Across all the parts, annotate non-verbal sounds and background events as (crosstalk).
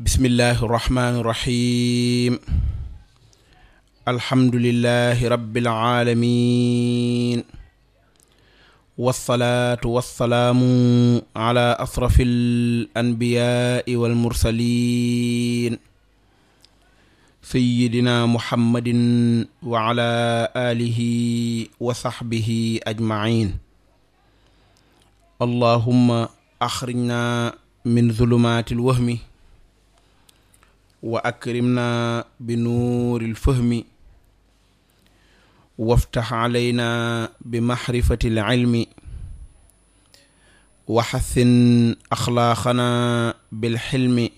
bismillahi irrahmani irrahim alhamdulilahi rabiilalamin walsalaatu walsalaamu ala asrafi alanbiyaai walmursalin sayidina muhammadin wa ala alihi wa saxbihi ajmain allahumma axrijna min zulumaati alwahmi wa akrimna bi nuuril fahmi waftax alayna bi maxrifatil ilmi waxasin axlaaqana bil xilmi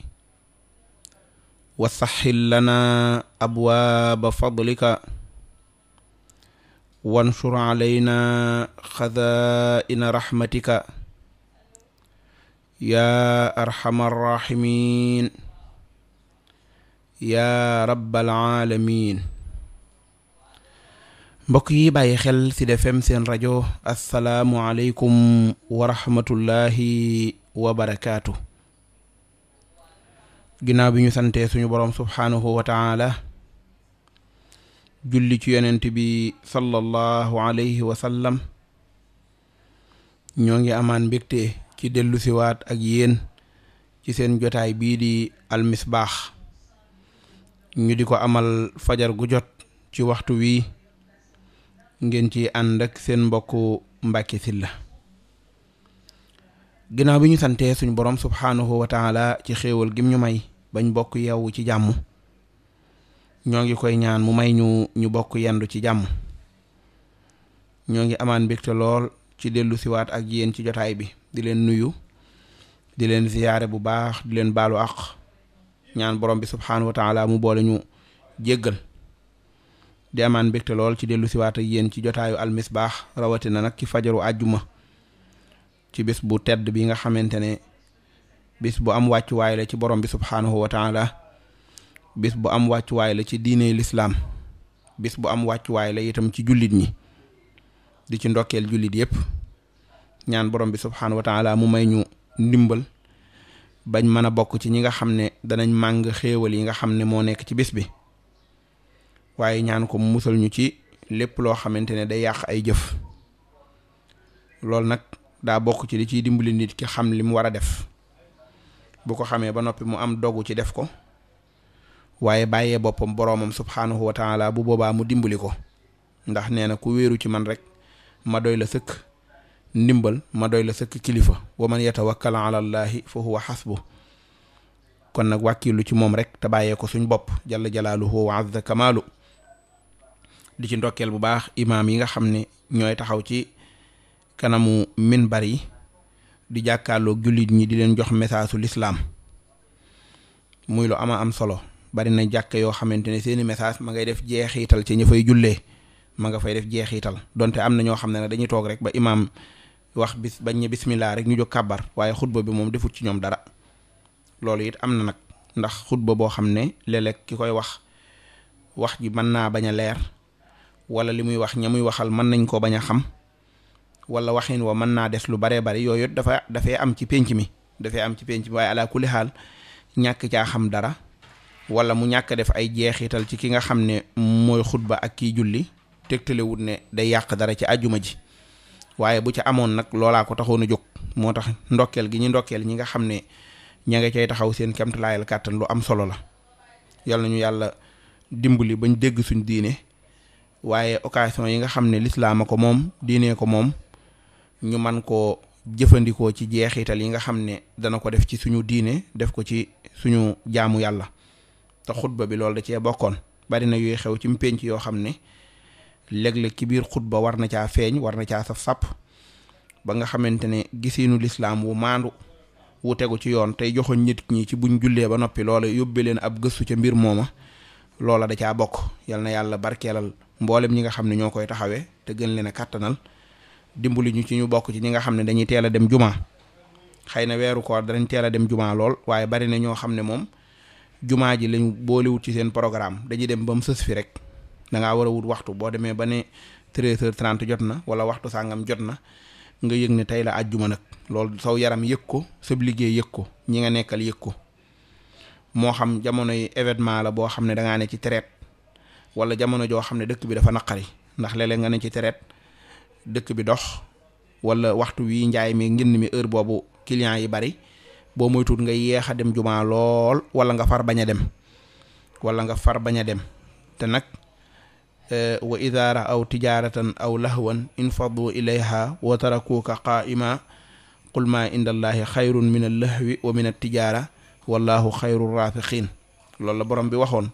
wa saxil lana abwaaba fadlika wansur alayna xazaa'ina raxmatika yaa arxama arraximin yaa rabbal aalamiin mbokk yi bàyyi xel ci Sud seen rajo asalaamualeykum wa rahmatullahi wa barakaatu. ginnaaw bi ñu santee suñu borom subhaanahu wa taala julli ci yonent bi sallallahu alayhi wa ñoo ngi amaan mbégte ci dellu siwaat ak yéen ci seen jotaay bii di almisbaax ñu di ko amal fajar gu jot ci waxtu wii ngeen ci ànd ak seen mbokku Mbacke Sylla ginnaaw bi ñu santee suñu borom subhaanahu wa taala ci xéewal gim ñu may bañ bokk yeewu ci jàmm ñoo ngi koy ñaan mu may ñu ñu bokk yendu ci jàmm ñoo ngi amaan mbégte lool ci dellusiwaat ak yéen ci jotaay bi di leen nuyu di leen ziyaare bu baax di leen baalu àq ñaan borom bi subxanahu wa taala mu boole ñu jéggal di amaan mbégte lool ci dellu siwaat ak yéen ci jotaayu almisbaax rawatina nag ci fajaru àjjuma ci bis bu tedd bi nga xamante ne bis bu am wàccuwaay la ci borom bi subxanahu wa taala bis bu am wàccuwaay la ci diine lislaam bis bu am wàccuwaay la itam ci jullit ñi di ci ndokkeel jullit yépp ñaan borom bi subxanahu wa taala mu may ñu ndimbal. bañ mën a bokk ci ñi nga xam ne danañ màng xéewal yi nga xam ne moo nekk ci bis bi waaye ñaan ko mu musal ñu ci lépp loo xamante ne day yàq ay jëf loolu nag daa bokk ci li ciy dimbali nit ki xam li mu war a def bu ko xamee ba noppi mu am dogu ci def ko waaye bàyyee boppam boroomam subhaanahu wa taala bu boobaa mu dimbali ko ndax nee na ku wéeru ci man rek ma doy la sëkk ndimbal ma doy la sëkk kilifa wa man yatawakkal ala allahi fa huwa xasbu kon nag wàkkiilu ci moom rek te bàyyee ko suñ bopp jalla jalaaluhu wa azza kamaalu di ci ndokkeel bu baax imaam yi nga xam ne ñooy taxaw ci kanamu minbar yi di jàkkaarloo jullit ñi di leen jox message lislaam muy lu ama am solo bari na jàkk yoo xamante ne seeni message ma ngay def jeexiital ci ña fay jullee ma nga fay def jeexiital donte am na ñoo xam ne ne dañuy toog rek ba imaam wax bis bañ ne bismillah rek ñu jóg kàbbar waaye xutba bi moom defut ci ñoom dara loolu it am na nag ndax xutba boo xam ne léeg ki koy wax wax ji mën naa bañ a leer walla li muy wax ña muy waxal mën nañ ko bañ a xam wala waxin wa mën naa des lu baree bari yooyu dafa dafay am ci pénc mi dafay am ci pénc mi waaye ala kulli xaal ñàkk caa xam dara walla mu ñàkk def ay jeexital ci ki nga xam ne mooy xutba ak kiy julli tegtalewut ne day yàq dara ci àjjuma ji waaye bu ca amoon nag loolaa ko taxoon a jóg moo tax ndokkeel gi ñu ndokkeel ñi nga xam ne ña nga cay taxaw seen kamtalaayal kàttan lu am solo la yal nañu yàlla dimbali bañ dégg suñ diine waaye occasion yi nga xam ne lislaama ko moom diine ko moom ñu man koo jëfandikoo ci jeexital yi nga xam ne dana ko def ci suñu diine def ko ci suñu jaamu yàlla te xutba bi loolu da cee bokkoon bari na yuy xew ci mpénc yoo xam ne léeg-léeg ci biir xutba war na caa feeñ war na caa saf sap ba nga xamante ne gisinu lislaam wu maandu wu tegu ci yoon tey joxoñ nit ñi ci buñ jullee ba noppi loola yóbbee leen ab gëstu ca mbir mooma loola da caa bokk yal na yàlla barkeelal mboolem ñi nga xam ne ñoo koy taxawee te gën leen a kàttanal dimbali ñu ci ñu bokk ci ñi nga xam ne dañuy teel a dem jumaa xëy na weeru koor danañ teel a dem jumaa lool waaye bari na ñoo xam ne moom jumaa ji lañu boolewut ci seen programme dañuy dem ba mu sës rek da war a wut waxtu boo demee ba ne treize heures jot na wala waxtu sàngam jot na nga yëg ne tey la àjjuma nag loolu soow yaram yëg ko sab liggéey yëg ko ñi nga nekkal yëg ko moo xam jamono yi événement la boo xam ne da ne ci traite wala jamono joo xam ne dëkk bi dafa naqari ndax léeg nga ne ci traite dëkk bi dox wala waxtu wi njaay mi ngënd mi heure boobu clients yi bari boo moytuwut nga yéex a dem jumaa lool wala nga far bañ a dem wala nga far bañ a dem nag Eh, wa ida raaw tijaratan aw lahwan wa ilayha wa tarakuuka qaa'ima qul maa inda allahi xayrun min al lahwi wa min al tijaara wallahu xayru raafiqin loolu la borom bi waxoon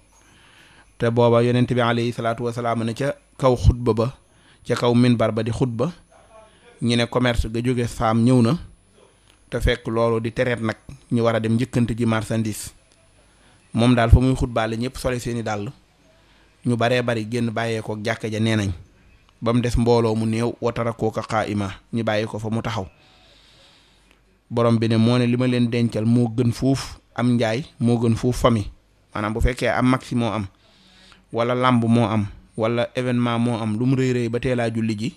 te booba yonent bi alayhi salaatu wasalaam ne ca kaw xutba ba ca kaw minbar ba di xutba ñu ne commerce ga jóge saam ñëw na te fekk loolu di tereet nag ñu war a dem njëkkante ji marsandiis moom daal fa muy xutbaale ñëpp sole seeni dàll ñu baree bari génn bàyyeekoo jàkka ja nee nañ ba mu des mbooloo mu néew watara kooka xaayima ñu bàyyi ko fa mu taxaw borom bi ne moo ne li ma leen dencal moo gën fuuf am njaay moo gën fuuf famille maanaam bu fekkee am maxi moo am wala làmb moo am wala événement moo am lu mu rëy rëy ba teelaa julli ji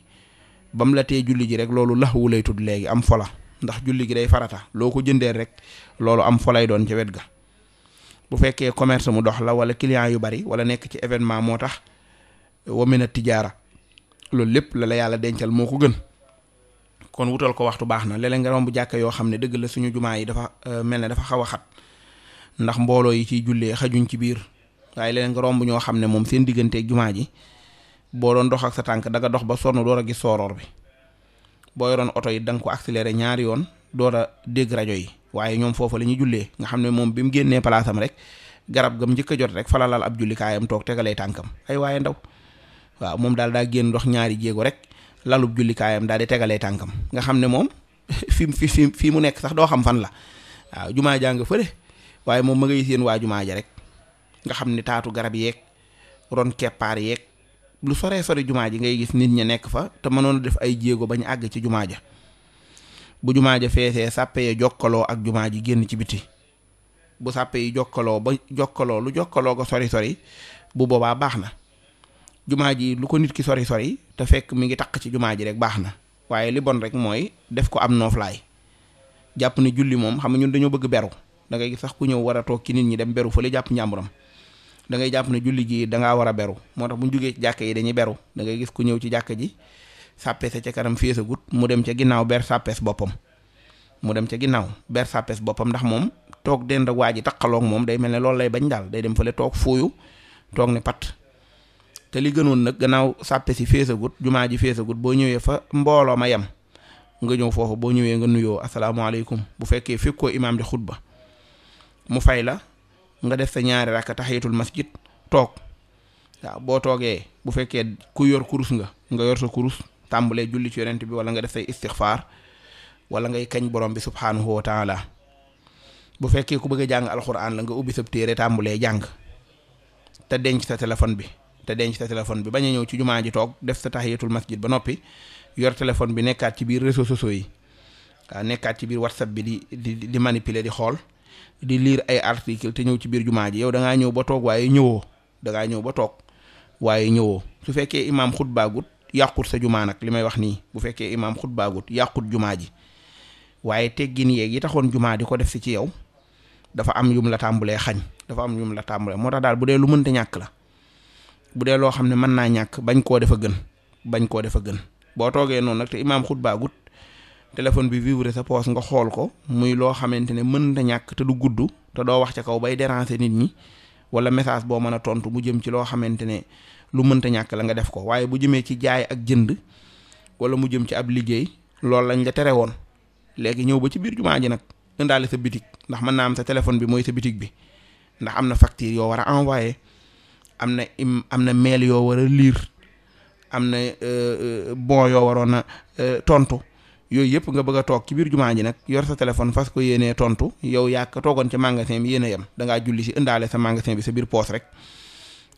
ba mu la tee julli ji rek loolu lax lay tudd léegi am fola ndax julli gi day farata loo ko jëndee rek loolu am folay doon ca wet ga bu fekkee commerce mu dox la wala client yu bari wala nekk ci événement moo tax wamina tijaara loolu lépp la la yàlla dencal moo ko gën kon wutal ko waxtu baax na léeg-léeg nga romb jàkka yoo xam ne dëgg la suñu jumaa yi dafa euh, mel ne dafa xaw a xat ndax mbooloo yi ci jullee xajuñ ci biir waaye léeg-léeg nga romb ñoo xam ne moom seen digganteeg jumaa ji boo doon dox ak sa tànk danga dox ba sonn door a gis sooroor bi boo yoroon oto yi da nga ko accéléré ñaari yoon door dégg rajo yi waaye ñoom foofu la ñuy jullee nga xam ne moom bi mu génnee palaasam rek garab gam njëkk jot rek falalal ab jullikaayam toog tegalee tànkam ay waaye ndaw waaw moom daal daa génn dox ñaari jéego rek lalub jullikaayam daal di tegalee tànkam nga xam ne moom (laughs) fi mu fi fi mu nekk sax doo xam fan la waaw jumaa jaa nga fële waaye moom ma ngay seen waa jumaa ja rek nga xam ne taatu garab yeeg ron keppaar yeeg lu soree sore jumaa ji ngay gis nit ña nekk fa te mënoon a def ay jéego bañ àgg ci jumaa ja bu jumaa ja feesee sàppe ya jokkaloo ak jumaa ji génn ci biti bu sàppe yi jokkaloo ba jokkaloo lu jokkaloo ko sori sori bu boobaa baax na jumaa ji lu ko nit ki sori sori te fekk mu ngi taq ci jumaa ji rek baax na waaye li bon rek mooy def ko am nooflaay jàpp ne julli moom xam nga ñun dañoo bëgg beru da ngay sax ku ñëw wara a toog ci nit ñi dem beru fële jàpp njàmburam da ngay jàpp ne julli gi dangaa war a beru moo tax bu ñu jógee ci jàkk yi dañuy beru da ngay gis ku ñëw ci jàkk ji sàppese ca kanam féesagut mu dem ca ginnaaw ber sàppes boppam mu dem ca ginnaaw ber sàppes boppam ndax moom toog dend waa ji taqaloog moom day mel ne loolu lay bañ daal day dem fële toog fuuyu toog ne pat te li gënoon nag gannaaw sàppe si féesagut jumaa ji féesagut boo ñëwee fa mbooloo ma yem nga ñëw foofu boo ñëwee nga nuyoo asalaamaaleykum bu fekkee fekk ko imaam di xutba mu fay la nga def sa ñaari rakk taxiyatul masjid toog waaw boo toogee bu fekkee ku yor kurus nga nga yor sa kurus tàmbalee julli ci yonent bi wala nga def say istixfaar wala ngay kañ borom bi subhaanahu wa taala bu fekkee ku bëgg a jàng alxuraan la nga ubbi sab téere tàmbulee jàng te denc sa téléphone bi te denc sa téléphone bi bañ ñëw ci jumaa ji toog def sa tahiyatul masjid ba noppi yor téléphone bi nekkaat ci biir réseaux sociaux yi waaw nekkaat ci biir whatsapp bi di di di manipuler di xool di liir ay article te ñëw ci biir jumaa ji yow da ngaa ñëw ba toog ñëwoo da ñëw ba toog yàqut sa jumaa nag li may wax nii bu fekkee imaam xutbaagut yàqut jumaa ji waaye teggin yeeg yi taxoon jumaa di ko def si ci yow dafa am yum la tàmbulee xañ dafa am yum la tàmbulee moo tax daal bu dee lu mënta ñàkk la bu dee loo xam ne mën naa ñàkk bañ koo defa gën bañ koo defa gën boo toogee noonu nag te imaam xutbaagut téléphone bi vibre sa poos nga xool ko muy loo xamante ne mënta ñàkk te du gudd te doo wax ca kaw bay déranger nit ñi wala message boo mën a tontu mu jëm ci loo xamante ne lu mënta ñàkk la nga def ko waaye bu jëmee ci jaay ak jënd wala mu jëm ci ab liggéey loolu lañ la tere woon léegi ñëw ba ci biir jumaa ji nag indaale sa bitig ndax mën naa am sa téléphone bi mooy sa bitig bi ndax am na facture yoo war a envoyé am na am na mail yoo war a lire am na euh, euh, bon yoo waroon a euh, tontu yooyu yëpp nga bëgg toog ci biir jumaa ji nag yor sa téléphone fas ko yéenee tontu yow yaa ko ci magasin bi yéen a yem da ngaa julli si indaale sa magasin bi sa biir poos rek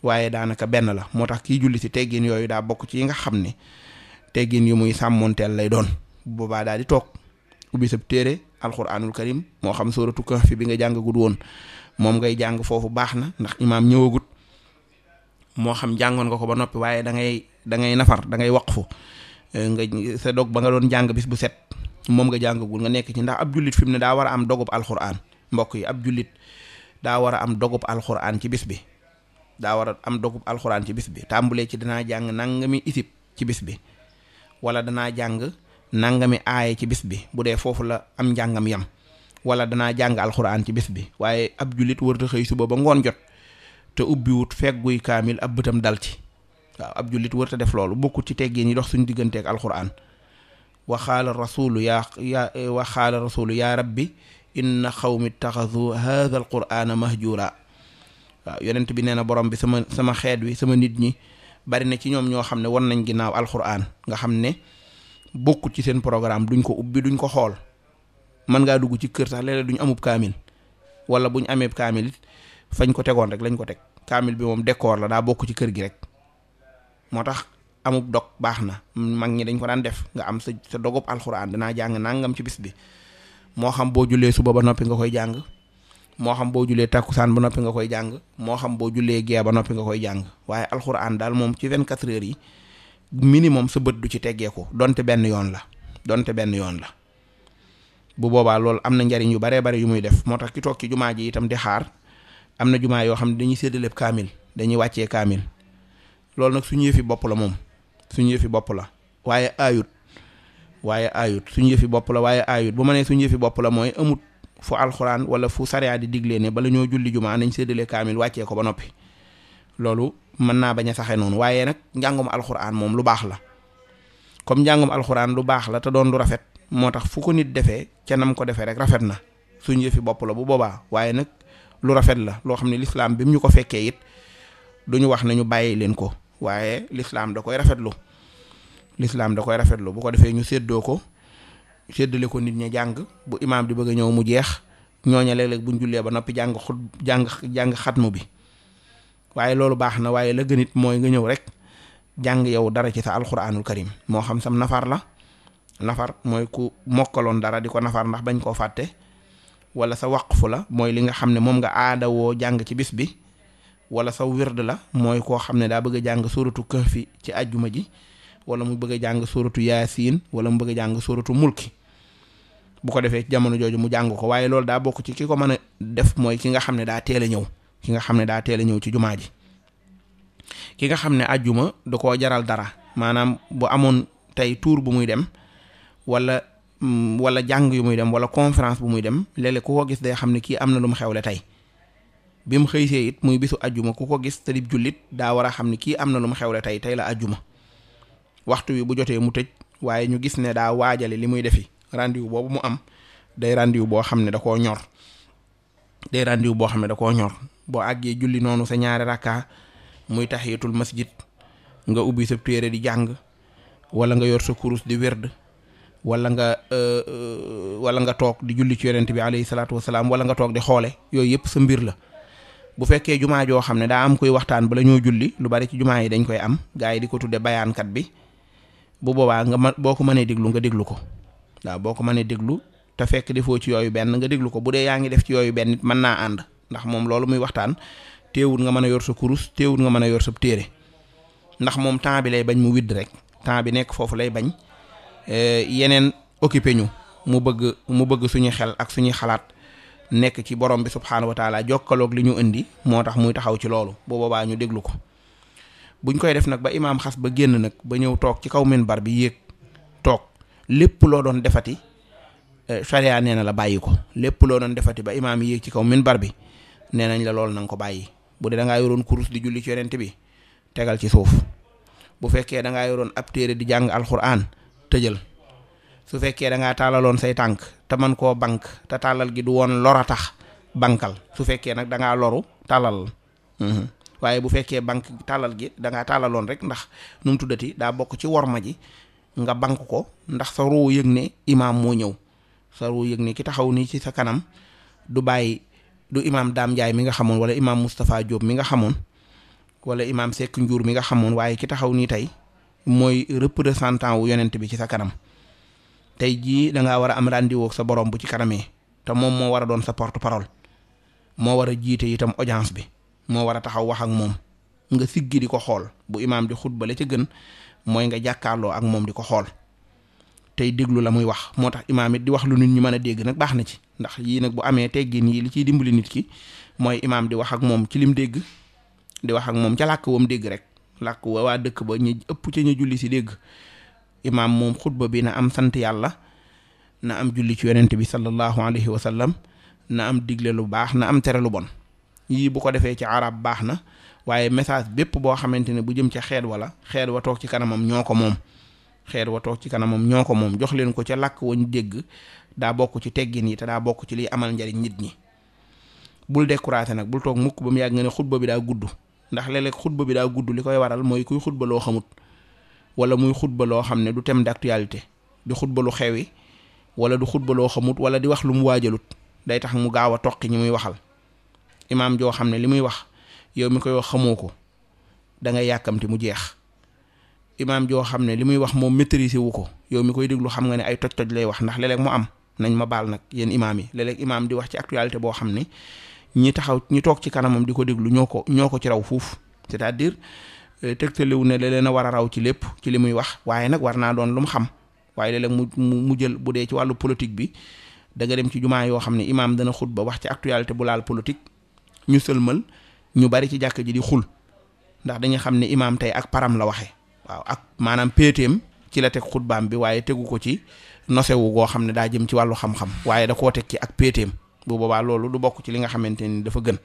waaye daanaka benn la moo tax kii julli si teggin yooyu daa bokk ci yi nga xam ne teggin yu muy sàmmonteel lay doon boobaa daal di toog ubbi sab téere alxuraanul karim moo xam kër kahfi bi nga jàngagut woon moom ngay jàng foofu baax na ndax imaam ñëwagut moo xam jàngoon nga ko ba noppi waaye da ngay da ngay nafar da ngay waqfu eh, nga sa dog ba nga doon jàng bis bu set moom nga jàngagul nga nekk ci ndax ab jullit fi mu ne daa war a am dogub alxuraan mbokk yi ab jullit daa war a am dogub alxuraan ci bis bi. daa war a am dogub alxuraan ci bis bi tàmbulee ci danaa jàng nangami isib ci bis bi wala danaa jàng nangami aaye ci bis bi bu dee foofu la am njàngam yam wala danaa jàng alxuraan ci bis bi waaye ab jullit warta xëy suba ba ngoon jot te ubbiwut fegguy kaamil ab bëtam dal ci waaw ab jullit warta def loolu bokkut ci teggin yi dox suñu digganteeg alxuraan waxaala rasulu yaa ya waxaala rasulu yaa rabbi inna xawmi taxadu hada alqurana mahjura waaw yonent bi nee na borom bi sama sama xeet wi sama nit ñi bari na ci ñoom ñoo xam ne wan nañ ginnaaw alxuraan nga xam ne bokkul ci seen programme duñ ko ubbi duñ ko xool mën ngaa dugg ci kër sax léeg-léeg duñ amub kaamil wala buñ amee kaamil it ko tegoon rek lañ ko teg kaamil bi moom décor la daa bokk ci kër gi rek moo tax amut dog baax na mag ñi dañ ko daan def nga am sa sa dogub alxuraan danaa jàng nangam ci bis bi moo xam boo jullee suba ba noppi nga koy jàng moo xam boo julee takkusaan ba noppi nga koy jàng moo xam boo julee gee ba noppi nga koy jàng waaye alxuraan daal moom ci 24 heures yi minimum sa bët du ci teggee ko donte benn yoon la donte benn yoon la bu boobaa loolu am na njariñ yu baree bari yu muy def moo tax ki toog ci jumaa ji itam di xaar am na jumaa yoo xam ne dañuy séddale kaamil dañuy wàccee kaamil loolu nag su suñu yëfi bopp la moom su suñu yëfi bopp la waaye aayut waaye aayut suñu yëfi bopp la waaye aayut bu ma nee suñu bopp la mooy amut fu alxuraan wala fu sariya di diglee ne bala ñoo julli juma nañ séddale kaamil wàccee ko ba noppi loolu mën naa bañ a saxee noonu waaye nag njàngum alxuraan moom lu baax la comme njàngum alxuraan lu baax la te doon lu rafet moo tax fu ko nit defee ca nam ko defee rek rafet na suñ yëfi bopp la bu boobaa waaye nag lu rafet la loo xam ne lislaam bi mu ñu ko fekkee it ñu wax na ñu bàyyi leen ko waaye lislaam da koy rafetlu lislaam da koy rafetlu bu ko defee ñu séddoo ko séddale ko nit ña jàng bu imaam di bëgg a ñëw mu jeex ñooña léeg-léeg buñ jullee ba noppi jàng xut jàng xatmu bi waaye loolu baax na waaye la gënit mooy nga ñëw rek jàng yow dara ci sa alxuraanul karim moo xam sam nafar la nafar mooy ku mokkaloon dara di ko nafar ndax bañ koo fàtte wala sa waqfu la mooy li nga xam ne moom nga aada woo jàng ci bis bi wala sa wird la mooy koo xam ne daa bëgg a jàng suuratu kahfi ci ajjuma ji wala mu bëgg a jàng suratu yaasin wala mu bëgg a jàng suratu mulki bu ko defee jamono jooju mu jàng ko waaye loolu daa bokk ci ki ko mën a def mooy ki nga xam ne daa teel a ñëw ki nga xam ne daa teel a ñëw ci jumaa ji ki nga xam ne ajjuma du koo jaral dara maanaam bu amoon tey tuur bu muy dem wala mm, wala jàng yu muy dem wala conférence bu muy dem léeg-léeg ku ko gis day xam ne kii am na lu mu xewle tey bi mu xëysee it muy bisu ajjuma ku ko gis te di jullit daa war a xam ne kii am na lu mu xewle tey tey la ajjuma waxtu wi bu jotee mu tëj waaye ñu gis ne daa waajale li muy defi rendez-vous boobu mu am day rendez boo xam ne da koo ñor day rendez boo xam ne da koo ñor boo àggee julli noonu sa ñaari rakka muy tahiyatul masjid nga ubbi sa téere di jàng wala nga yor sa kurus di werd wala nga euh, euh, wala nga toog di julli ci yonent bi alayhi salaatu wasalaam wala nga toog di xoole yooyu yëpp sa mbir la bu fekkee jumaa joo xam ne daa am koy waxtaan bala ñoo julli lu bari ci jumaa yi dañ koy am gaa yi di ko tudde bayaankat bi bu boobaa nga ma boo ko mënee déglu nga déglu ko waaw boo ko mënee déglu te fekk defoo ci yooyu benn nga déglu ko bu dee yaa ngi def ci yooyu benn mën naa ànd ndax moom loolu muy waxtaan téewul nga mën a yor sa kurus téewul nga mën a yor sab téere ndax moom temps bi lay bañ mu widd rek temps bi nekk foofu lay bañ eh, yeneen occupé ñu mu bëgg mu bëgg suñu xel ak suñuy xalaat nekk ci borom bi subxanahu wa taala jokkaloog li ñu indi moo tax muy taxaw ci loolu bu boobaa ñu déglu ko. bu buñ koy def nag ba imaam xas ba génn nag ba ñëw toog ci kaw min minbar bi yéeg toog lépp loo doon defati charia eh, nee na la bàyyi ko lépp loo doon defati ba imaam yéeg ci kaw minbar bi neenañ nañ la loolu na ko bàyyi bu dee dangaa yoroon kurus di julli ci yonent bi tegal ci suuf bu fekkee da ngaa yoroon ab téere di jàng alxuraan tëjal su fekkee da ngaa taalaloon say tànk te man koo bank te tàllal gi du woon lor a tax bankal su fekkee nag dangaa loru taalal. waaye bu fekkee banque tàllal gi da tàllaloon rek ndax nu tuddati daa bokk ci worma ji nga banque ko ndax sa ruu yëg ne imaam moo ñëw sa ruu yëg ne ki taxaw nii ci sa kanam du bàyyi du imaam Dame njaay mi nga xamoon wala imaam Moustapha Diop mi nga xamoon wala imaam Seck Ndiour mi nga xamoon waaye ki taxaw nii tey mooy rëpp représentant wu yonent bi ci sa kanam tey jii danga ngaa war a am rendez-vous ak sa borom bu ci kanamee te moom moo war a doon sa porte-parole moo war a jiite itam audience bi. moo war a taxaw wax ak moom nga siggi di ko xool bu imaam di xutba la ca gën mooy nga jàkkaarloo ak moom di ko xool tey déglu la muy wax moo tax imaam di wax lu nit ñi mën a dégg nag baax na ci ndax yii nag bu amee teggin yii li ciy dimbali nit ki mooy imaam di wax ak moom ci lim dégg di wax ak moom ca làkk woom dégg rek làkk wa waa dëkk ba ñu ëpp ca ñu julli si dégg imaam moom xutba bi na am sant yàlla na am julli ci yonent bi sallallahu alayhi wa sallam na am digle lu baax na am tere bon yii bu ko defee ci arab baax na waaye message bépp boo xamante ne bu jëm ca xeet wala xeet wa toog ci kanamam ñoo ko moom xeet wa ci kanamam ñoo ko moom jox leen ko ca làkk wañ dégg daa bokk ci teggin yi te daa bokk ci liy amal njariñ nit ñi bul découragé nag bul toog mukk ba mu yàgg nga ne xutba bi daa gudd ndax léeg-léeg xutba bi daa gudd li koy waral mooy kuy xutba loo xamut wala muy xutba loo xam ne du tem d'actualité di xutba lu xewi wala du xutba loo xamut wala di wax lu mu waajalut day tax mu gaaw a toqi ñi muy waxal imaam joo xam ne li muy wax yow mi koy wax xamoo ko da ngay yàkkamti mu jeex imaam joo xam ne li muy wax moom maîtriser wu ko yow mi koy déglu xam nga ne ay toj-toj lay wax ndax léeg mu am nañ ma baal nag yéen imaam yi léeg imaam di wax ci actualité boo xam ne ñi taxaw ñi toog ci kanamam di ko déglu ñoo ko ñoo ko ci raw fuuf c'est-à-dire euh, tegtaliwu ne leleen a war a raw ci lépp ci li muy wax waaye nag war naa doon lu mu xam waaye léeg-léeg mu mu jël bu dee ci wàllu politique bi da nga dem ci jumaa yoo xam ne imaam dana xutba wax ci actualité bu laal politique ñu sëlmal ñu bari ci jàkk ji di xul ndax dañuy xam ne imaam tey ak param la waxe waaw ak maanaam péeteem ci la teg xutbaam bi waaye tegu ko ci nosewu goo xam ne daa jëm ci wàllu xam-xam waaye da koo teg ci ak péeteem bu boobaa loolu du bokk ci li nga xamante ni dafa gën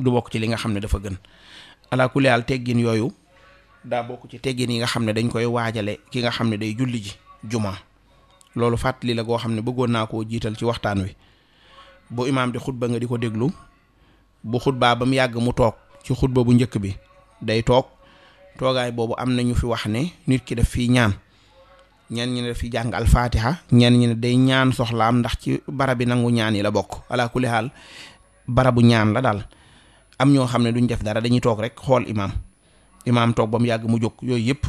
du bokk ci li nga xam ne dafa gën ala kulli haal yooyu daa bokk ci teggin yi nga xam ne dañ koy waajale ki nga xam ne day julli ji juma loolu fàttali la goo xam ne bëggoon naa koo jiital ci waxtaan wi bu imaam di xutba nga di ko déglu bu xutbaa ba mu yàgg mu toog ci xutba bu njëkk bi day toog toogaay boobu am na ñu fi wax ne nit ki def fii ñaan ñenn ñi ne daf fiy jàng alfaatiha ñenn ñi ne day ñaan soxlaam ndax ci barabi nangu ñaan yi la bokk ala kulli haal barabu ñaan la daal am ñoo xam ne duñ def dara dañuy toog rek xool imaam imaam toog ba mu yàgg mu jóg yooyu yëpp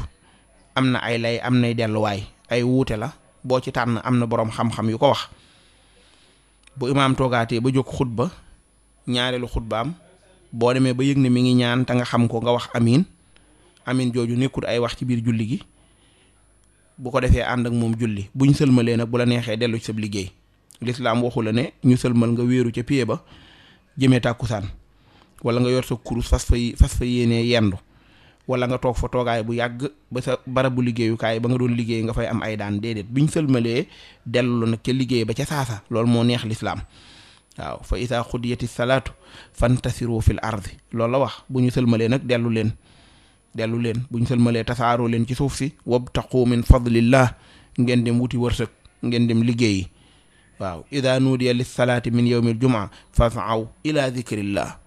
am na ay lay am nay delluwaay ay wuute la boo ci tànn am na boroom xam-xam yu ko wax bu imaam toogaatee ba jóg xutba ñaareelu xutbaam boo demee ba yëg ne mi ngi ñaan te nga xam ko nga wax amiin amin jooju nekkul ay wax ci biir julli gi bu ko defee ànd ak moom julli buñ sëlmalee nag bu la neexee dellu ci sab liggéey lislaam waxu la ne ñu sëlmal nga wéeru ca pied ba jëmee tàkkusaan wala nga yor sa kurus fas fa fas fa yéenee yendu wala nga toog fa toogaay bu yàgg ba sa barabu liggéeyukaay ba nga doon liggéey nga fay am ay daan déedéet bi ñu sëlmalee dellu nag ca liggéey ba ca saasa loolu moo neex lislaam waaw fa ida xudiyati salaatu fantasiru fil ardi loolu la wax bu ñu sëlmalee nag dellu leen dellu leen bu ñu sëlmalee tasaaroo leen ci suuf si wabtaqu min fadlillah ngeen dem wuti wërsëg ngeen dem liggéeyi waaw ida nuudiya lis salaati min yawmil jumaa fasaw ila zikrillah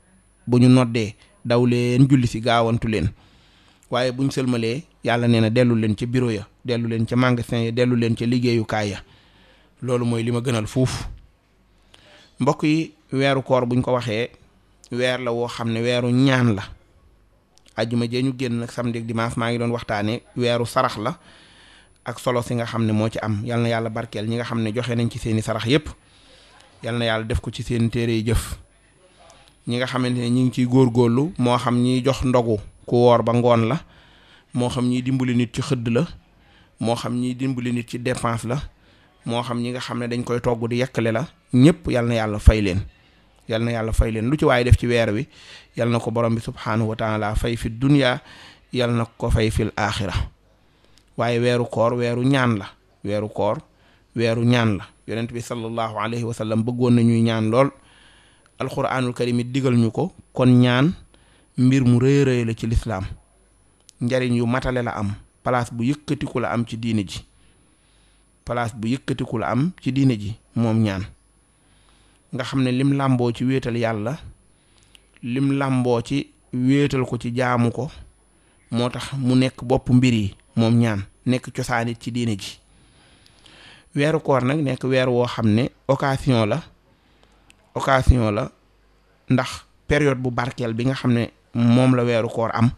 bu ñu noddee daw leen julli si gaawantu leen waaye bu ñu sëlmalee yàlla nee na dellu leen ci bureau ya dellu leen ca magasin ya dellu leen ca liggéeyukaay ya loolu mooy li ma gënal fuuf mbokk yi weeru koor buñ ko waxee weer la woo xam ne weeru ñaan la ajuma jee ñu génn nag samedi ak dimanche maa ngi doon waxtaanee weeru sarax la ak solo si nga xam ne moo ci am yal na yàlla barkeel ñi nga xam ne joxe nañ ci seeni sarax yépp yal na yàlla def ko ci seen téere yi jëf ñi nga xamante ne ñi ngi ciy góor góorlu moo xam ñiy jox ndogu ku woor ba ngoon la moo xam ñiy dimbali nit ci xëdd la moo xam ñiy dimbali nit ci dépense la moo xam ñi nga xam ne dañ koy togg di yekkale la ñëpp yal na yàlla fay leen yal na yàlla fay leen lu ci waaye def ci weer wi yal na ko borom bi subhaanahu wa taala fay fi dunya yal na ko fay fil aaxira waaye weeru koor weeru ñaan la weeru koor weeru ñaan la yonent bi sallallahu alayhi wa sallam bëggoon na ñuy ñaan lool alquranul karim it digal ñu ko kon ñaan mbir mu rëy rëy la ci lislaam njariñ yu matale la am place bu yëkkatiku la am ci diine ji place bu yëkkatiku la am ci diine ji moom ñaan nga xam ne lim làmboo ci wéetal yàlla lim làmboo ci wéetal ko ci jaamu ko moo tax mu nekk bopp mbir yi moom ñaan nekk cosaanit ci diine ji weeru koor nag nekk weer woo xam ne occasion la occasion la ndax période bu barkeel bi nga xam ne moom la weeru koor am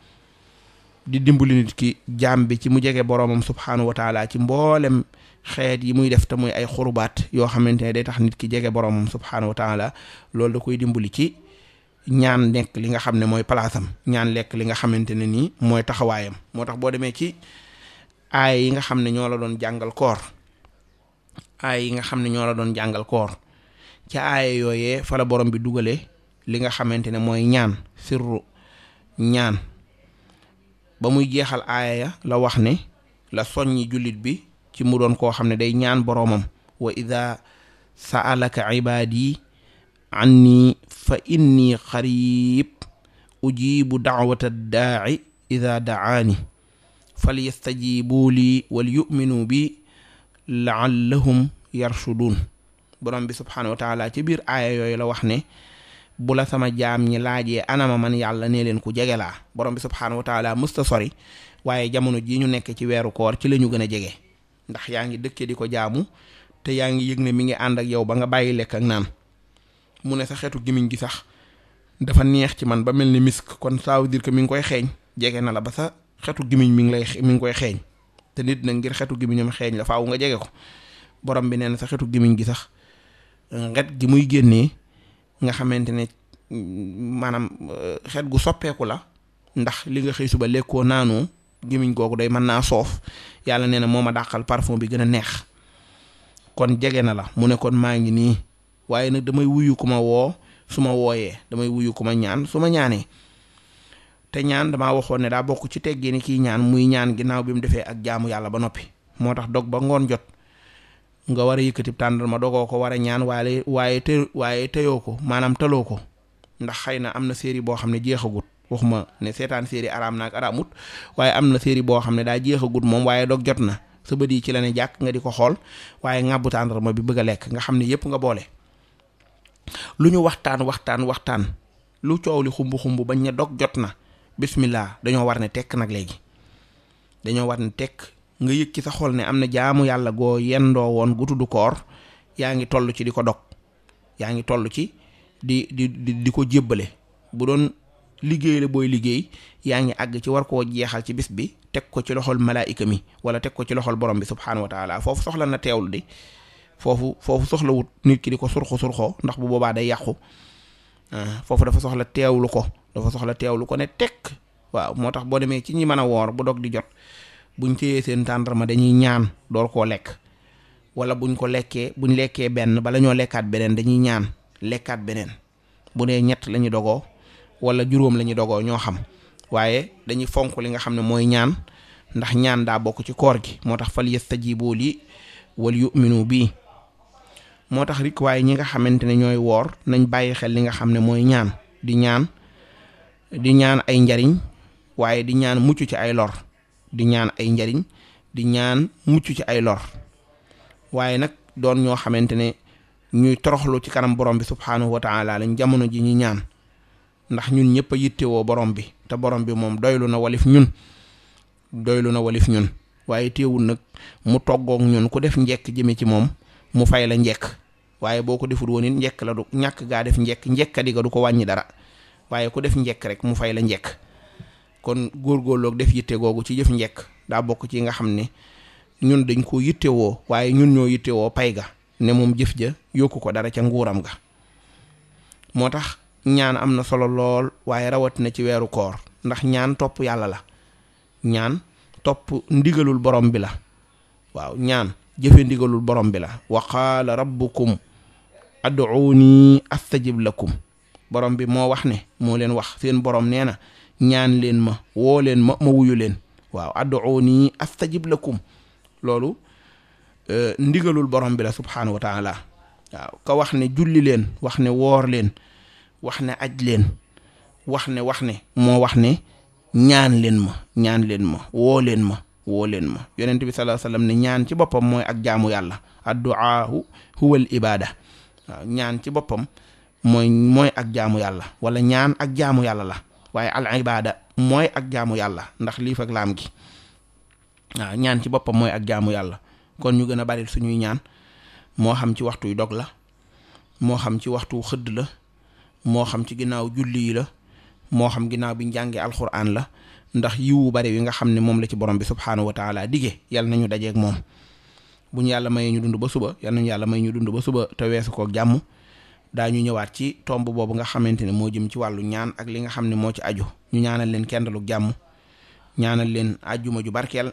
di dimbali nit ki jaam bi ci mu jege boroomam subhaanahu wa ci mboolem xeet yi muy def te muy ay xurubaat yoo xamante ne day tax nit ki jege boromam subhaanahu wa taala loolu da koy dimbali ci ñaan nekk li nga xam ne mooy palaasam ñaan lekk li nga xamante ne nii mooy taxawaayam moo tax boo demee ci aay yi nga xam ne ñoo la doon jàngal koor aay yi nga xam ne ñoo la doon jàngal koor ca aay yooyee fa la borom bi dugalee li nga xamante ne mooy ñaan sirru ñaan ba muy jeexal aaya ya la wax ne la soññi jullit bi ci mu doon koo xam ne day ñaan boroomam wa ida saalaka ibaadi anni fa inni xarib ujibu daawata daaci ida dacaani falyastajibu li wal yuminu bi laallahum yarshudun borom bi subhaanahu wa taala ci biir aaya yooyu la wax ne bu la sama jaam ñi laajee anama man yàlla nee leen ku jege laa borom bi subhaanahu wa taala mësta sori waaye jamono ji ñu nekk ci weeru koor ci la ñu gën a jege ndax yaa ngi dëkkee di ko jaamu te yaa ngi yëg ne mi ngi ànd ak yow ba nga bàyyi lekk ak naan mu ne sa xeetu gémmiñ gi sax dafa neex ci man ba mel ni misk kon ça veut dire que mi ngi koy xeeñ jege na la ba sa xeetu gémmiñ mi ngi lay mi ngi koy xeeñ te nit nag ngir xeetu gémmiñam xeeñ la faaw nga jege ko borom bi nee sa xeetu gémmiñ gi sax xet gi muy génnee nga xamante ne maanaam euh, xet gu soppeeku la ndax li nga xëy suba lekkoo naanoo gémmiñ kooku day mën naa soof yàlla nee na moo ma dàqal parfum bi gën a neex kon jege na la mu ne kon maa ngi nii waaye nag damay wuyu ku ma woo su ma wooyee damay wuyu ku ma ñaan su ma ñaanee te ñaan dama waxoon ne daa bokk ci teggee ni kii ñaan muy ñaan ginnaaw bi mu defee ak jaamu yàlla ba noppi moo tax dog ba ngoon jot nga war a yëkkati ma dogoo ko war a ñaan waaye waaye te waaye teyoo ko maanaam taloo ko ndax xëy na am na série boo xam ne jeexagut ma ne seetaan série araam naak araamut waaye am na série boo xam ne daa jeexagut moom waaye doog jot na sa bët yi ci la ne jàkk nga di ko xool waaye ŋàbbu tàndarma bi bëgg a lekk nga xam ne yépp nga boole lu ñu waxtaan waxtaan waxtaan lu coow li xumbu xumbu bañ ne dog jot na bismillah dañoo war ne tekk nag léegi dañoo war ne tekk nga yëg ci sa xool ne am na jaamu yàlla goo yendoo woon gu tudd koor yaa ngi toll ci di ko dog yaa ngi toll ci di di di ko jébbale bu doon liggéey la booy liggéey yaa ngi àgg ci war koo jeexal ci bis bi teg ko ci loxol malaayika mi wala teg ko ci loxol borom bi subxanahu wa taala foofu soxla na teewlu di foofu foofu soxlawut nit ki di ko surxu surxoo ndax bu boobaa day yàqu ah, foofu dafa soxla teewlu ko dafa soxla teewlu ko ne tekk waaw moo tax boo demee ci ñi mën a woor bu dog di jot buñ téyee seen tàndarma dañuy ñaan door koo lekk wala buñ ko lekkee buñ lekkee benn bala ñoo lekkaat beneen dañuy ñaan lekkaat beneen bu dee ñett lañu dogoo. wala juróom lañuy ñuy dogoo ñoo xam waaye dañuy fonk li nga xam ne mooy ñaan ndax ñaan daa bokk ci koor gi moo tax fal yastajibu lii wal yuminu bii moo tax rik waaye ñi nga xamante ne ñooy woor nañ bàyyi xel li nga xam ne mooy ñaan di ñaan di ñaan ay njariñ waaye di ñaan mucc ci ay lor di ñaan ay njariñ di ñaan mucc ci ay lor waaye nag doon ñoo xamante ne ñuy toroxlu ci kanam borom bi subhaanahu wa taala lañ jamono ji ñu ñaan ndax ñun ñëpp a yittewoo borom bi te borom bi moom doylu na walif ñun doylu na walif ñun waaye teewul nag mu toggook ñun ku def njekk jëme ci moom mu fay la njekk waaye boo ko deful woon njekk la du ñàkk gaa def njekk njekkadi ga du ko wàññi dara waaye ku def njekk rek mu fay la njekk kon góor góorlook def yitte googu ci jëf njekk daa bokk ci nga xam ni ñun dañ ko yittewoo waaye ñun ñoo yittewoo pay ga ne moom jëf ja yokku ko dara ca nguuram ga ñaan am na solo lool waaye rawatina ci weeru koor ndax ñaan topp yàlla la ñaan topp ndigalul borom bi la waaw ñaan jëfe ndigalul borom bi la wa qaala rabbukum ad'uuni astajib lakum borom bi moo wax ne moo leen wax seen borom nee na ñaan leen ma woo leen ma ma wuyu leen waaw ad'uuni astajib lakum loolu euh, ndigalul borom bi la subhaanahu wa taala waaw ka wax ne julli leen wax ne woor leen wax ne aj leen wax ne wax ne moo wax ne ñaan leen ma ñaan leen ma woo leen ma woo leen ma yonent bi sallallahu alayhi ne ñaan ci boppam mooy ak jaamu yàlla adduaahu huwa ñaan ci boppam mooy mooy ak jaamu yàlla wala ñaan ak jaamu yàlla la waaye al ibada mooy ak jaamu yàlla ndax lii fak laam gi waaw ñaan ci boppam mooy ak jaamu yàlla kon ñu gën a bari suñuy ñaan moo xam ci waxtu yu dog la moo xam ci waxtu xëdd la moo xam ci ginnaaw julli yi la moo xam ginnaaw bi njàngee alxuraan la ndax yiwu bari wi nga xam ne moom la ci borom bi subhaanahu wa taala dige yàlla nañu dajeeg moom bu ñu yàlla mayee ñu dund ba suba yàlla nañu yàlla may ñu dund ba suba te weesu koog jàmm daañu ñëwaat ci tomb boobu nga xamante ne moo jëm ci wàllu ñaan ak li nga xam ne moo ci aju ñu ñaanal leen kenn kendalug jàmm ñaanal leen ajjuma ju barkeel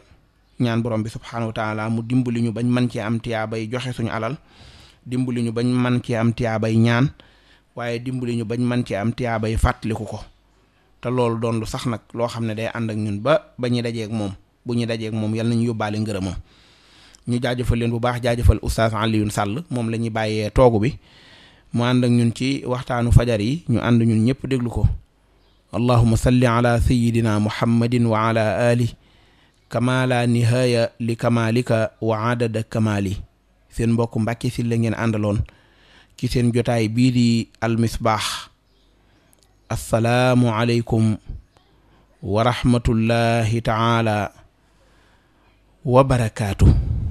ñaan borom bi subhaanahu wa taala mu dimbali ñu bañ man cee am tiyaa bay joxe suñu alal dimbali ñu bañ man cee am tiyaa bay ñaan waaye dimbali ñu bañ man ci am tiyaaba yi fàttaliku ko te loolu doon lu sax nag loo xam ne day ànd ak ñun ba ba ñu dajeeg moom bu ñu dajeek moom yal nañu yóbbaale ngërëma ñu jaajafal leen bu baax jaajëfal oustaz Alioune sàll moom la ñuy bàyyee toogu bi mu ànd ak ñun ci waxtaanu fajar yi ñu ànd ñun ñëpp déglu ko allahuma salli ala sayidina muhammadin wa ala ali kama la nihaaya li kamalika wa adada kamali seen mbokk Mbàkke si la ngeen àndaloon ci seen jotaay bii di almisbaax assalaamu aleykum wa rahmatullahi taala wa barakaatu